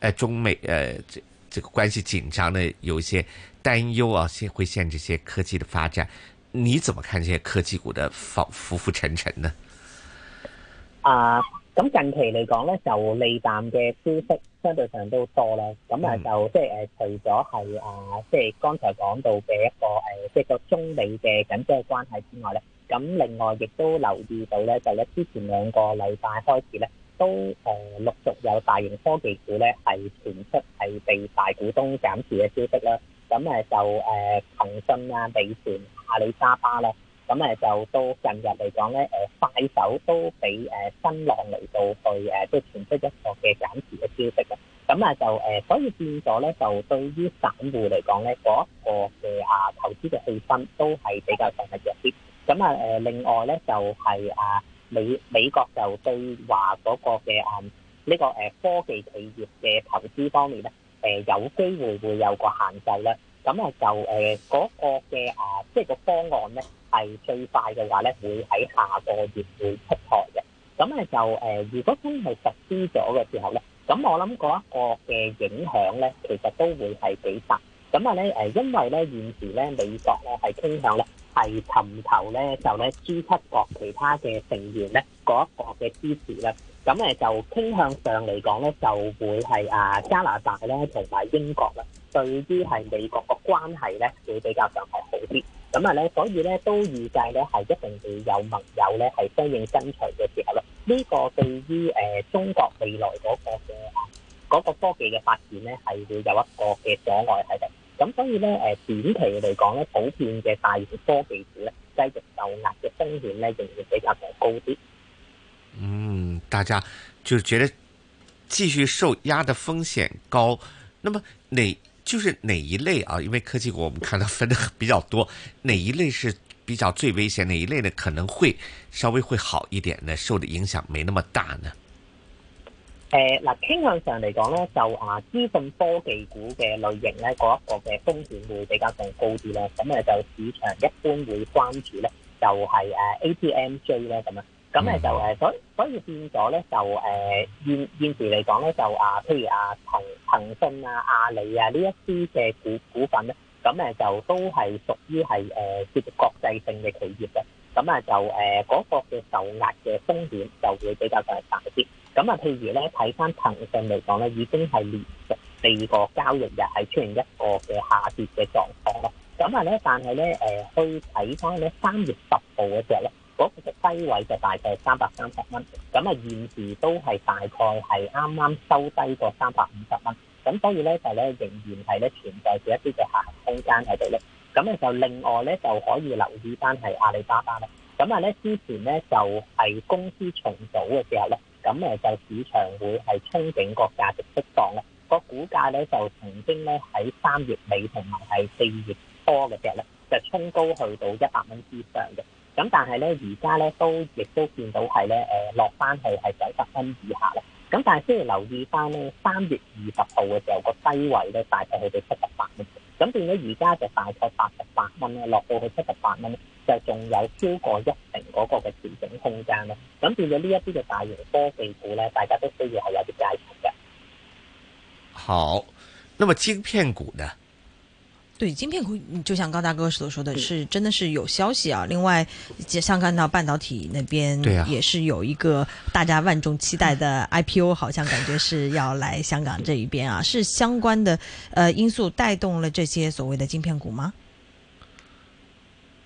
誒，中美誒，這、呃、這個關係緊張呢，有一些擔憂啊，先會限制這些科技的發展，你怎麼看這些科技股的浮浮浮沉沉呢？啊，咁近期嚟講呢，就利淡嘅消息相對上都多咧，咁啊就即係誒除咗係啊，即係剛才講到嘅一個誒，即係個中美嘅緊張關係之外呢。咁另外亦都留意到呢，就係之前兩個禮拜開始呢。都誒陸續有大型科技股咧係傳出係被大股東減持嘅消息啦，咁誒就誒騰訊啊、美團、阿里巴巴咧，咁誒就到近日嚟講咧，誒快手都俾誒新浪嚟到去誒即係傳出一個嘅減持嘅消息嘅，咁啊就誒所以變咗咧，就對於散戶嚟講咧嗰個嘅啊投資嘅氣氛都係比較上係弱啲，咁啊誒另外咧就係啊。美美國就對華嗰個嘅誒呢個誒科技企業嘅投資方面咧，誒有機會會有個限制咧。咁啊就誒嗰個嘅誒，即係個方案咧，係最快嘅話咧，會喺下個月會出台嘅。咁咧就誒，如果真係實施咗嘅時候咧，咁我諗嗰一個嘅影響咧，其實都會係幾大。咁啊咧誒，因為咧現時咧美國咧係傾向咧。係尋求咧就咧 G7 國其他嘅成員咧嗰一個嘅支持咧，咁誒就傾向上嚟講咧，就會係啊加拿大咧同埋英國啦，對於係美國個關係咧會比較上係好啲，咁啊咧，所以咧都預計咧係一定會有盟友咧係相應爭取嘅時候咯。呢、這個對於誒、呃、中國未來嗰、那個嘅嗰、那個、科技嘅發展咧，係會有一個嘅阻礙喺度。咁所以咧，誒短期嚟講咧，普遍嘅大型科技股咧，繼續受壓嘅風險咧，仍然比較高啲。嗯，大家就覺得繼續受壓嘅風險高，那麼哪就是哪一類啊？因為科技股，我們看到分得比較多，哪一類是比較最危險？哪一類呢？可能會稍微會好一點呢？受嘅影響沒那麼大呢？誒，嗱，傾向上嚟講咧，就啊資訊科技股嘅類型咧，嗰一個嘅風險會比較仲高啲咧。咁誒，就市場一般會關注咧，就係誒 ATMJ 咧咁啊。咁誒就誒，所以所以變咗咧，就誒現現時嚟講咧，就啊，譬如啊騰騰訊啊、阿里啊呢一啲嘅股股份咧，咁誒就都係屬於係誒涉國際性嘅企業嘅。咁啊，那就誒嗰、呃那個嘅受壓嘅風險就會比較誒大啲。咁啊，譬如咧，睇翻騰訊嚟講咧，已經係連續四個交易日係出現一個嘅下跌嘅狀況咯。咁啊咧，但係咧誒，去睇翻咧三月十號嗰隻咧，嗰、那個嘅低位就大概係三百三十蚊。咁啊，現時都係大概係啱啱收低過三百五十蚊。咁所以咧就咧仍然係咧存在住一啲嘅下行空間喺度咧。咁咧就另外咧就可以留意翻係阿里巴巴咧，咁啊咧之前咧就係公司重組嘅時候咧，咁誒就市場會係憧憬個價值釋放咧，個股價咧就曾經咧喺三月尾同埋喺四月初嘅時候咧，就衝高去到一百蚊之上嘅，咁但係咧而家咧都亦都見到係咧誒落翻去係九十蚊以下咧，咁但係雖然留意翻咧三月二十號嘅時候個低位咧大概去到七十八蚊。咁變咗而家就大概八十八蚊咧，落到去七十八蚊，就仲有超過一成嗰個嘅調整空間咧。咁變咗呢一啲嘅大型科技股咧，大家都需要係有啲解套嘅。好，那麼晶片股呢？對晶片股，就像高大哥所說的是，是真的是有消息啊！另外，接香港到半導體那邊，啊、也是有一個大家萬眾期待的 IPO，好像感覺是要來香港這一邊啊！是相關的，呃因素帶動了這些所謂的晶片股嗎？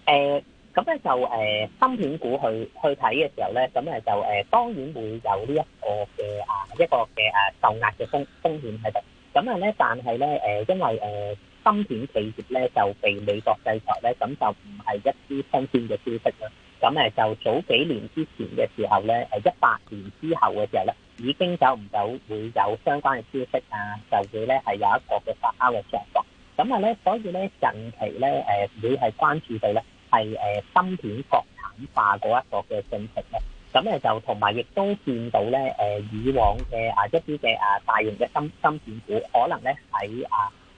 誒、呃，咁咧就誒、呃，芯片股去去睇嘅時候咧，咁咧就誒、呃，當然會有呢一個嘅啊、呃、一個嘅誒、呃、受壓嘅風風險喺度。咁啊咧，但係咧誒，因為誒。呃芯片企業咧就被美國制裁咧，咁就唔係一啲新鮮嘅消息啦。咁誒就早幾年之前嘅時候咧，誒一八年之後嘅時候咧，已經走唔到會有相關嘅消息啊？就會咧係有一個嘅發酵嘅情況。咁啊咧，所以咧近期咧誒，你係關注到咧係誒芯片國產化嗰一個嘅訊息咧。咁誒就同埋亦都見到咧誒以往嘅啊一啲嘅啊大型嘅芯芯片股，可能咧喺啊～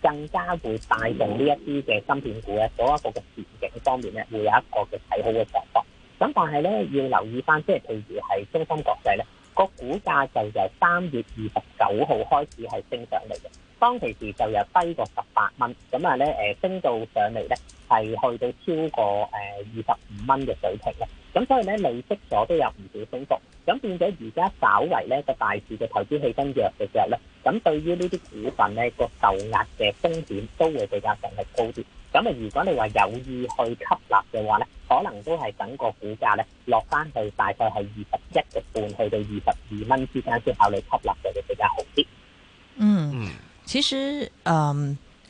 更加會帶動呢一啲嘅芯片股嘅嗰一個嘅前景方面咧，會有一個嘅睇好嘅狀況。咁但係咧，要留意翻，即係譬如係中芯國際咧，個股價就由三月二十九號開始係升上嚟嘅，當其時就由低過十八蚊，咁啊咧誒升到上嚟咧，係去到超過誒二十五蚊嘅水平咧。咁、嗯、所以咧，利息咗都有唔少升幅，咁變咗而家稍為咧個大市嘅投資氣氛弱嘅時候咧，咁對於呢啲股份咧個受壓嘅風險都會比較上嚟高啲。咁啊，如果你話有意去吸納嘅話咧，可能都係等個股價咧落翻去大概係二十一嘅半去到二十二蚊之間先考慮吸納嘅，會比較好啲。嗯，嗯其實，嗯、um。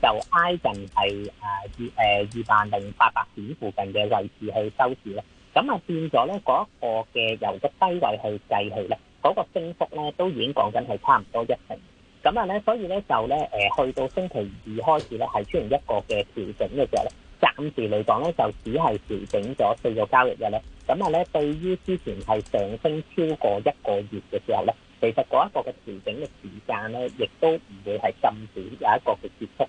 就挨近係誒二誒二萬零八百點附近嘅位置去收市咧，咁啊變咗咧嗰一個嘅由個低位去計起咧，嗰個升幅咧都已經講緊係差唔多一成，咁啊咧所以咧就咧誒去到星期二開始咧係出現一個嘅調整嘅時候咧，暫時嚟講咧就只係調整咗四個交易日咧，咁啊咧對於之前係上升超過一個月嘅時候咧，其實嗰一個嘅調整嘅時間咧亦都唔會係咁短有一個嘅結束。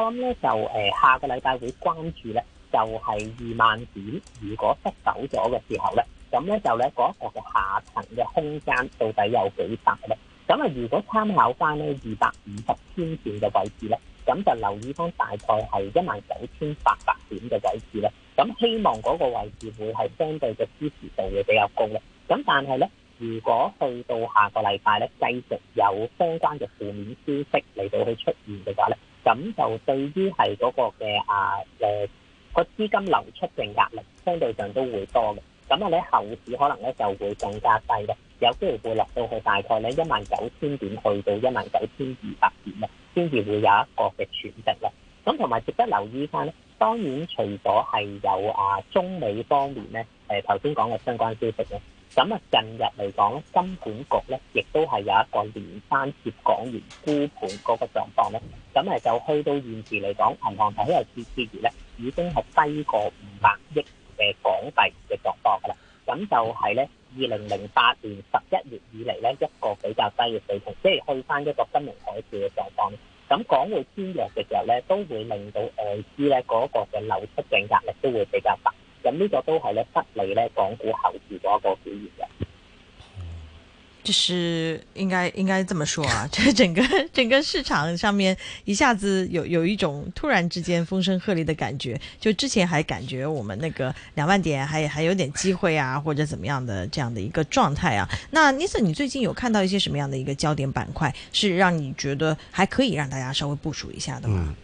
咁諗咧就誒、呃，下個禮拜會關注咧，就係二萬點。如果失守咗嘅時候咧，咁咧就咧嗰一個嘅下層嘅空間到底有幾大咧？咁、嗯、啊，如果參考翻呢二百五十天線嘅位置咧，咁、嗯、就留意翻大概係一萬九千八百點嘅位置咧。咁、嗯、希望嗰個位置會係相對嘅支持度會比較高咧。咁、嗯、但係咧，如果去到下個禮拜咧繼續有相關嘅負面消息嚟到去出現嘅話咧。咁就對於係嗰個嘅啊誒個資金流出嘅壓力，相對上都會多嘅。咁我哋後市可能咧就會更加低嘅，有機會會落到去大概咧一萬九千點去到一萬九千二百點啊，先至會有一個嘅喘息咯。咁同埋值得留意翻咧，當然除咗係有啊中美方面咧誒頭先講嘅相關消息咧。咁啊，近日嚟講，咧，金管局咧，亦都係有一個連番接港元沽盤嗰個狀況咧。咁啊，就去到現時嚟講，銀行體系結餘咧，已經係低過五百億嘅港幣嘅狀況㗎啦。咁就係咧，二零零八年十一月以嚟咧，一個比較低嘅水平，即係去翻一個金融海嘯嘅狀況。咁港匯偏弱嘅時候咧，都會令到外資咧嗰個嘅流出嘅壓力都會比較大。咁呢個都係咧不利咧港股後市嗰一個表現嘅。就是應該應該這麼說啊。就整個整個市場上面，一下子有有一種突然之間風聲鶴唳的感覺。就之前還感覺我們那個兩萬點還還有點機會啊，或者怎麼樣的這樣的一個狀態啊。那 Nisa，你最近有看到一些什麼樣的一個焦點板塊，是讓你覺得還可以讓大家稍微部署一下的嗎？嗯、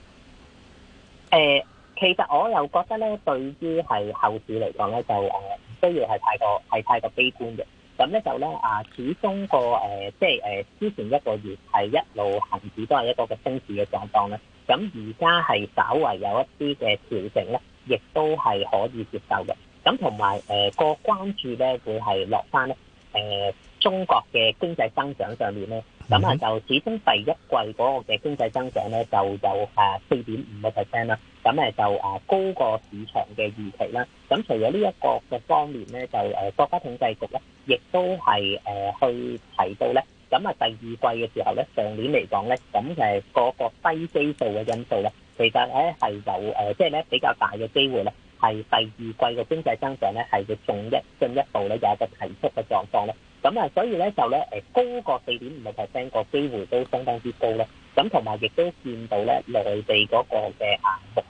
對吧？誒。其實我又覺得咧，對於係後市嚟講咧，就誒唔需要係太過係太過悲觀嘅。咁咧就咧啊，始終個誒、呃、即係誒、呃、之前一個月係一路行市都係一個嘅升市嘅狀況咧。咁而家係稍為有一啲嘅調整咧，亦都係可以接受嘅。咁同埋誒個關注咧會係落返咧誒中國嘅經濟增長上面咧。咁啊就始終第一季嗰個嘅經濟增長咧就有誒四點五個 percent 啦。咁就高過市場嘅預期啦。咁除咗呢一個嘅方面咧，就誒國家統計局咧，亦都係去提到咧。咁啊第二季嘅時候咧，上年嚟講咧，咁係嗰個低基數嘅因素咧，其實咧係有即係咧比較大嘅機會咧，係第二季嘅經濟增長咧，係會重一進進一步咧有一個提速嘅狀況咧。咁啊，所以咧就咧高過四點五個 percent 個機會都相當之高咧。咁同埋亦都見到咧內地嗰個嘅。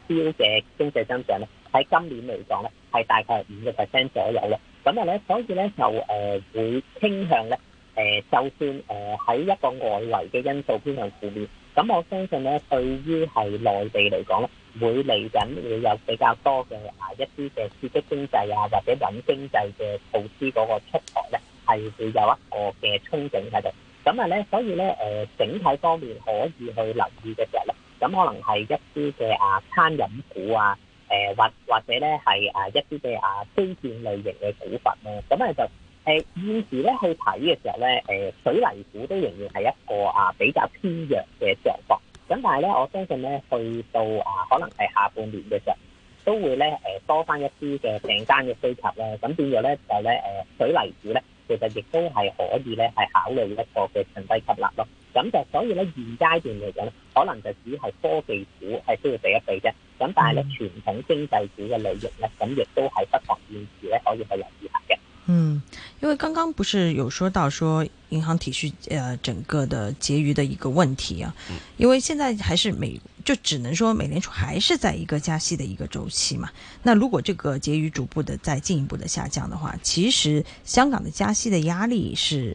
標嘅經濟增長咧，喺今年嚟講咧，係大概係五個 percent 左右咧。咁啊咧，所以咧就誒會傾向咧，誒就算誒喺一個外圍嘅因素偏向負面，咁我相信咧，對於係內地嚟講咧，會嚟緊會有比較多嘅啊一啲嘅刺激經濟啊或者穩經濟嘅措施嗰個出台咧，係會有一個嘅憧憬喺度。咁啊咧，所以咧誒整體方面可以去留意嘅時候咧。咁可能係一啲嘅啊餐飲股啊，誒或或者咧係誒一啲嘅啊基建類型嘅股份咧，咁咧就誒現時咧去睇嘅時候咧，誒水泥股都仍然係一個啊比較偏弱嘅狀況。咁但係咧，我相信咧去到啊可能係下半年嘅時候，都會咧誒多翻一啲嘅訂單嘅需求咧，咁變咗咧就咧誒水泥股咧，其實亦都係可以咧係考慮一個嘅趁低吸納咯。咁就所以咧，現階段嚟講，可能就只係科技股係需要避一避啫。咁但係咧，傳統經濟股嘅利益咧，咁亦都係不妨仍然可以去留意下嘅。嗯，因為剛剛不是有說到，說銀行體係誒、呃，整個的結餘的一個問題啊。因為現在還是美，就只能說美聯儲還是在一個加息的一個週期嘛。那如果這個結餘逐步的再進一步的下降的話，其實香港的加息的壓力是。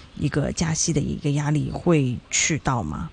一個加息的一個壓力會去到嗎？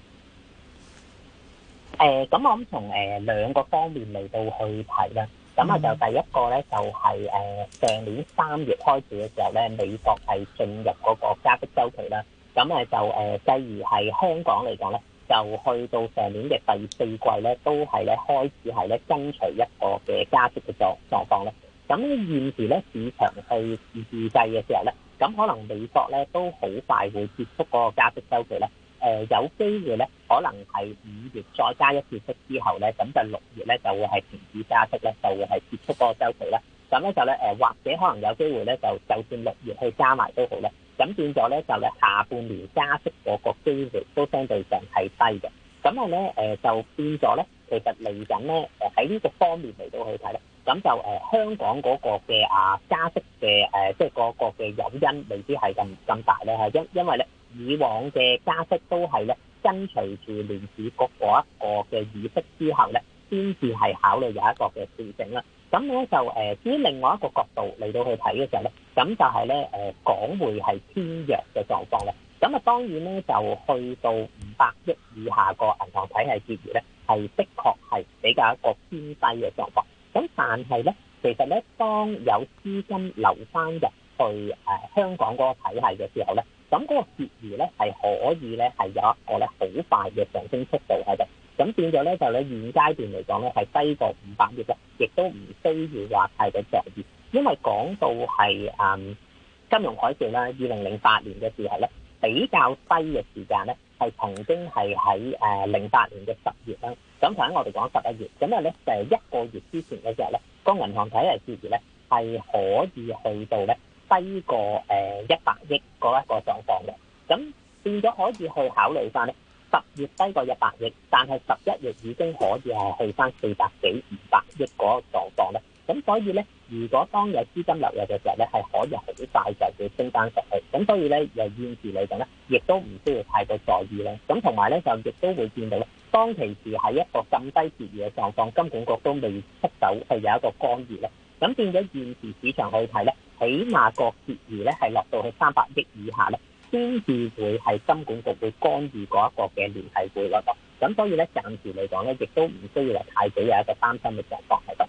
誒、呃，咁我諗從誒、呃、兩個方面嚟到去睇啦。咁啊、嗯，就第一個咧，就係、是、誒、呃、上年三月開始嘅時候咧，美國係進入個加息的周期啦。咁啊，就、呃、誒，繼而係香港嚟講咧，就去到上年嘅第四季咧，都係咧開始係咧跟隨一個嘅加息嘅狀狀況咧。咁現時咧，市場去自計嘅時候咧。咁可能美國咧都好快會結束嗰個加息週期咧，誒有機會咧可能係五月再加一次息之後咧，咁就六月咧就會係停止加息咧，就會係結束嗰個週期咧。咁咧就咧誒，或者可能有機會咧，就就算六月去加埋都好咧，咁變咗咧就咧下半年加息嗰個機會都相對上係低嘅。咁我咧誒就變咗咧，其實嚟緊咧誒喺呢個方面嚟到去睇咧。咁就誒香港嗰個嘅啊加息嘅誒，即係嗰個嘅誘因未必係咁咁大咧，係因因為咧以往嘅加息都係咧跟隨住聯儲局嗰一個嘅意識之後咧，先至係考慮有一個嘅調整啦。咁咧就誒，至於另外一個角度嚟到去睇嘅時候咧，咁就係咧誒港匯係偏弱嘅狀況咧。咁啊當然咧就去到五百億以下個銀行體系結餘咧，係的確係比較一個偏低嘅狀況。咁但係咧，其實咧，當有資金流翻入去誒香港嗰個體系嘅時候咧，咁嗰個結餘咧係可以咧係有一個咧好快嘅上升速度喺度，咁變咗咧就咧現階段嚟講咧係低過五百億啦，亦都唔需要話太過著意，因為講到係誒金融海嘯啦，二零零八年嘅時候咧比較低嘅時間咧係曾經係喺誒零八年嘅十月啦。咁頭先我哋講十一月，咁啊咧就係一個月之前嘅時候咧，個銀行體系結餘咧係可以去到咧低過誒一百億嗰一個狀況嘅。咁變咗可以去考慮翻咧，十月低過一百億，但係十一月已經可以係去翻四百幾、五百億嗰個狀況咧。咁所以咧，如果當有資金流入嘅時候咧，係可以好快就去升翻上去。咁所以咧，由現時嚟講咧，亦都唔需要太過在意咧。咁同埋咧，就亦都會見到咧。當其時係一個咁低結餘嘅狀況，金管局都未出手去有一個干預咧，咁變咗現時市場去睇咧，起碼個結餘咧係落到去三百億以下咧，先至會係金管局會干預嗰一個嘅聯繫匯率咯。咁所以咧，暫時嚟講咧，亦都唔需要嚟太早有一個擔心嘅狀況喺度。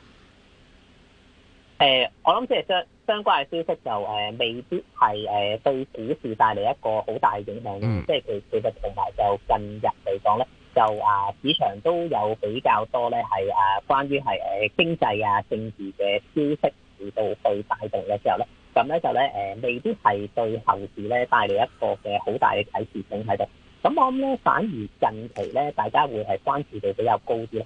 誒，我諗即係相相關嘅消息就誒，未必係誒對股市市帶嚟一個好大嘅影響。嗯。即係其其實同埋就近日嚟講咧，就啊市場都有比較多咧係啊關於係誒經濟啊政治嘅消息嚟到去帶動嘅時候咧，咁咧就咧誒未必係對後市咧帶嚟一個嘅好大嘅啟示性喺度。咁我諗咧反而近期咧大家會係關注度比較高啲咯。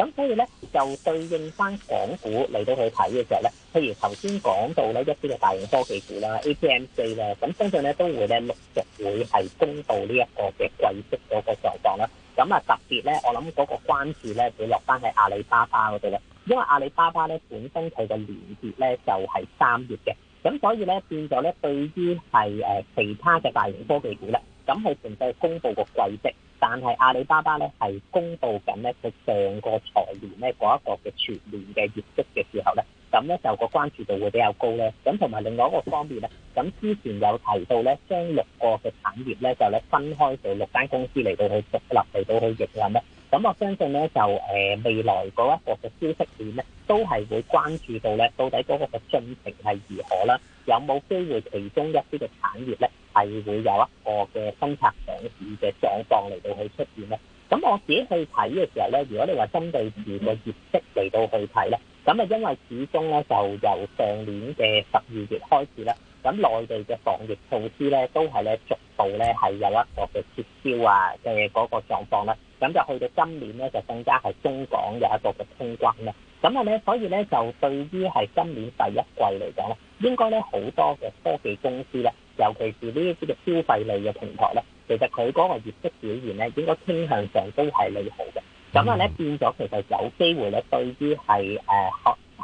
咁所以咧，就對應翻港股嚟到去睇嘅時候咧，譬如頭先講到咧一啲嘅大型科技股啦，ATMX 啦，咁相信咧都會咧陸續會係公布呢一個嘅季績嗰個狀況啦。咁啊特別咧，我諗嗰個關注咧會落翻喺阿里巴巴嗰度咧，因為阿里巴巴咧本身佢嘅年結咧就係三月嘅，咁所以咧變咗咧對於係誒其他嘅大型科技股咧，咁佢全部公布個季績。但係阿里巴巴咧，係公布緊咧佢上個財年咧嗰一個嘅全年嘅業績嘅時候咧，咁咧就個關注度會比較高咧。咁同埋另外一個方面咧，咁之前有提到咧將六個嘅產業咧就咧分開到六間公司嚟到去獨立嚟到去營運咧。咁我相信咧就誒、呃、未來嗰一個嘅消息鏈咧，都係會關注到咧到底嗰個嘅進程係如何啦，有冇機會其中一啲嘅產業咧？係會有一個嘅新拍上市嘅狀況嚟到去出現咧。咁我自己去睇嘅時候咧，如果你話針對住個業績嚟到去睇咧，咁啊因為始終咧就由上年嘅十二月開始咧，咁內地嘅防疫措施咧都係咧逐步咧係有一個嘅撤銷啊嘅嗰個狀況咧。咁就去到今年咧就更加係中港嘅一個嘅通關咧。咁啊咧，所以咧就對於係今年第一季嚟講咧，應該咧好多嘅科技公司咧。尤其是呢啲嘅消費類嘅平台咧，其實佢嗰個業績表現咧，應該傾向上都係利好嘅。咁啊咧變咗，其實有機會咧，對於係誒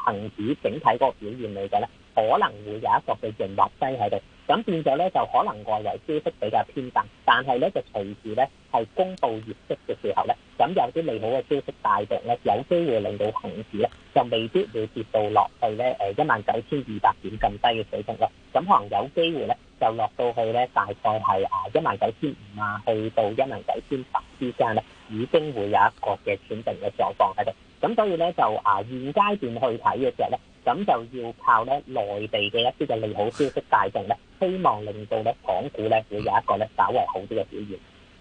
恆指整體個表現嚟講咧，可能會有一個嘅承壓低喺度。咁變咗咧，就可能外圍消息比較偏淡。但係咧，就隨時咧係公布業績嘅時候咧，咁有啲利好嘅消息帶動咧，有機會令到恆指咧就未必會跌到落去咧誒一萬九千二百點咁低嘅水平咯。咁可能有機會咧～就落到去咧，大概係啊一萬九千五啊，去到一萬九千八之間咧，已經會有一個嘅選定嘅狀況喺度。咁所以咧，就啊現階段去睇嘅時候咧，咁就要靠咧內地嘅一啲嘅利好消息帶動咧，希望令到咧港股咧會有一個咧稍為好啲嘅表現。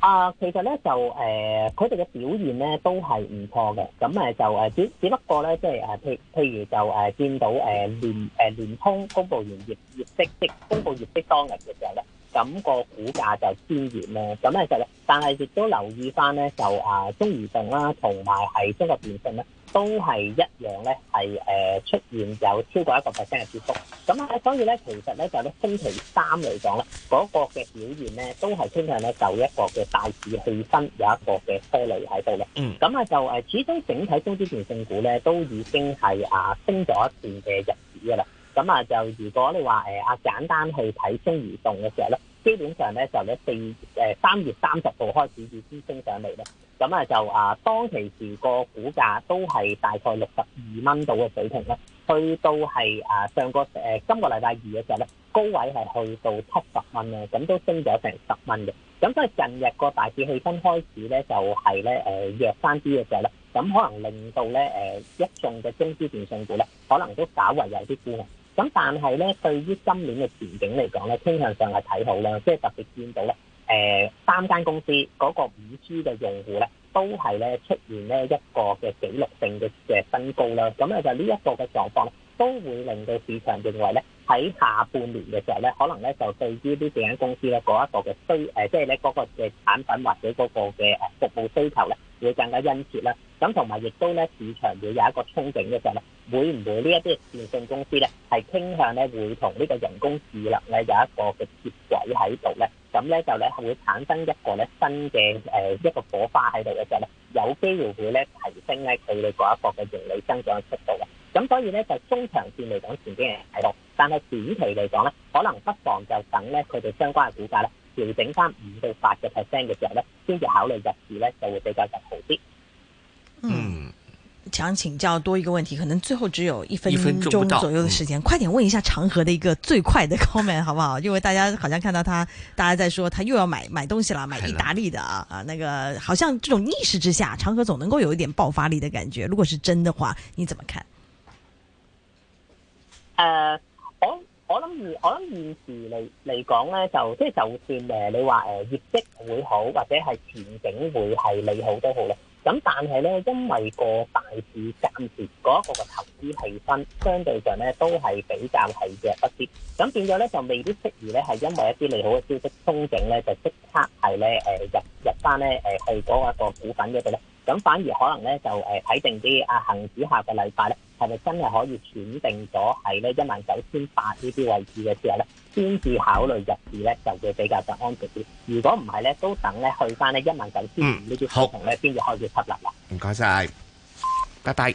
啊，其實咧就誒佢哋嘅表現咧都係唔錯嘅，咁誒就誒只只不過咧，即係誒譬譬如就誒、啊、見到誒聯誒聯通公布營業業績即公布業績當日嘅時候咧。咁個股價就偏熱咧，咁啊就，但係亦都留意翻咧，就啊中移動啦，同埋係中國電信咧，都係一樣咧，係誒出現有超過一個 percent 嘅跌幅。咁啊，所以咧，其實咧就喺星期三嚟講咧，嗰個嘅表現咧都係偏向咧就一個嘅大市氣氛有一個嘅拖累喺度咧。嗯。咁啊就誒，始終整體中資電信股咧都已經係啊升咗一段嘅日子噶啦。咁啊，就如果你話誒阿簡單去睇中移動嘅時候咧，基本上咧就喺四誒三月三十號開始已升上嚟啦。咁啊就啊當其時個股價都係大概六十二蚊度嘅水平咧，去到係啊上個誒今個禮拜二嘅時候咧，高位係去到七十蚊咧，咁都升咗成十蚊嘅。咁所以近日個大市氣氛開始咧就係咧誒弱返啲嘅時候咧，咁可能令到咧誒一眾嘅中資電信股咧，可能都稍為有啲沽。咁但係咧，對於今年嘅前景嚟講咧，傾向上係睇好啦。即係特別見到咧，誒三間公司嗰個 5G 嘅用戶咧，都係咧出現呢一個嘅紀錄性嘅嘅新高啦。咁咧就呢一個嘅狀況咧，都會令到市場認為咧，喺下半年嘅時候咧，可能咧就對於呢幾間公司咧嗰一個嘅需誒，即係咧嗰個嘅產品或者嗰個嘅誒服務需求咧，會更加殷切啦。咁同埋亦都咧，市場要有一個憧憬嘅時候咧，會唔會呢一啲電信公司咧係傾向咧會同呢個人工智能咧有一個嘅接軌喺度咧？咁咧就咧係會產生一個咧新嘅誒一個火花喺度嘅時候咧，有機會會咧提升咧佢哋嗰一個嘅盈利增長嘅速度嘅。咁所以咧就係中長線嚟講，前景係樂。但係短期嚟講呢，可能不妨就等呢佢哋相關嘅股價呢調整翻五到八嘅 percent 嘅時候呢，先至考慮入市呢就會比較好啲。嗯，想請教多一個問題，可能最後只有一分鐘左右嘅時間，嗯、快點問一下長和的一個最快的 comment，好不好？ 因為大家好像看到他，大家在說他又要買買東西啦，買意大利的啊的啊，那個好像這種逆勢之下，長和總能夠有一點爆發力的感覺。如果是真的話，你怎麼看？誒。Uh, 現時嚟嚟講咧，就即係就算誒，你話誒業績會好，或者係前景會係利好都好咧。咁但係咧，因為個大市暫時嗰一個個投資氣氛，相對上咧都係比較係弱一啲。咁變咗咧，就未必適宜咧，係因為一啲利好嘅消息憧憬咧，就即刻係咧誒入入翻咧誒去嗰一個股份嗰度咧。咁反而可能咧就誒睇定啲啊，恆指下個禮拜咧。係咪真係可以選定咗係咧一萬九千八呢啲位置嘅時候咧，先至考慮入市咧，就會比較嘅安全啲。如果唔係咧，都等咧去返咧一萬九千五呢啲位，同咧先至開始執笠啦。唔該晒，拜拜。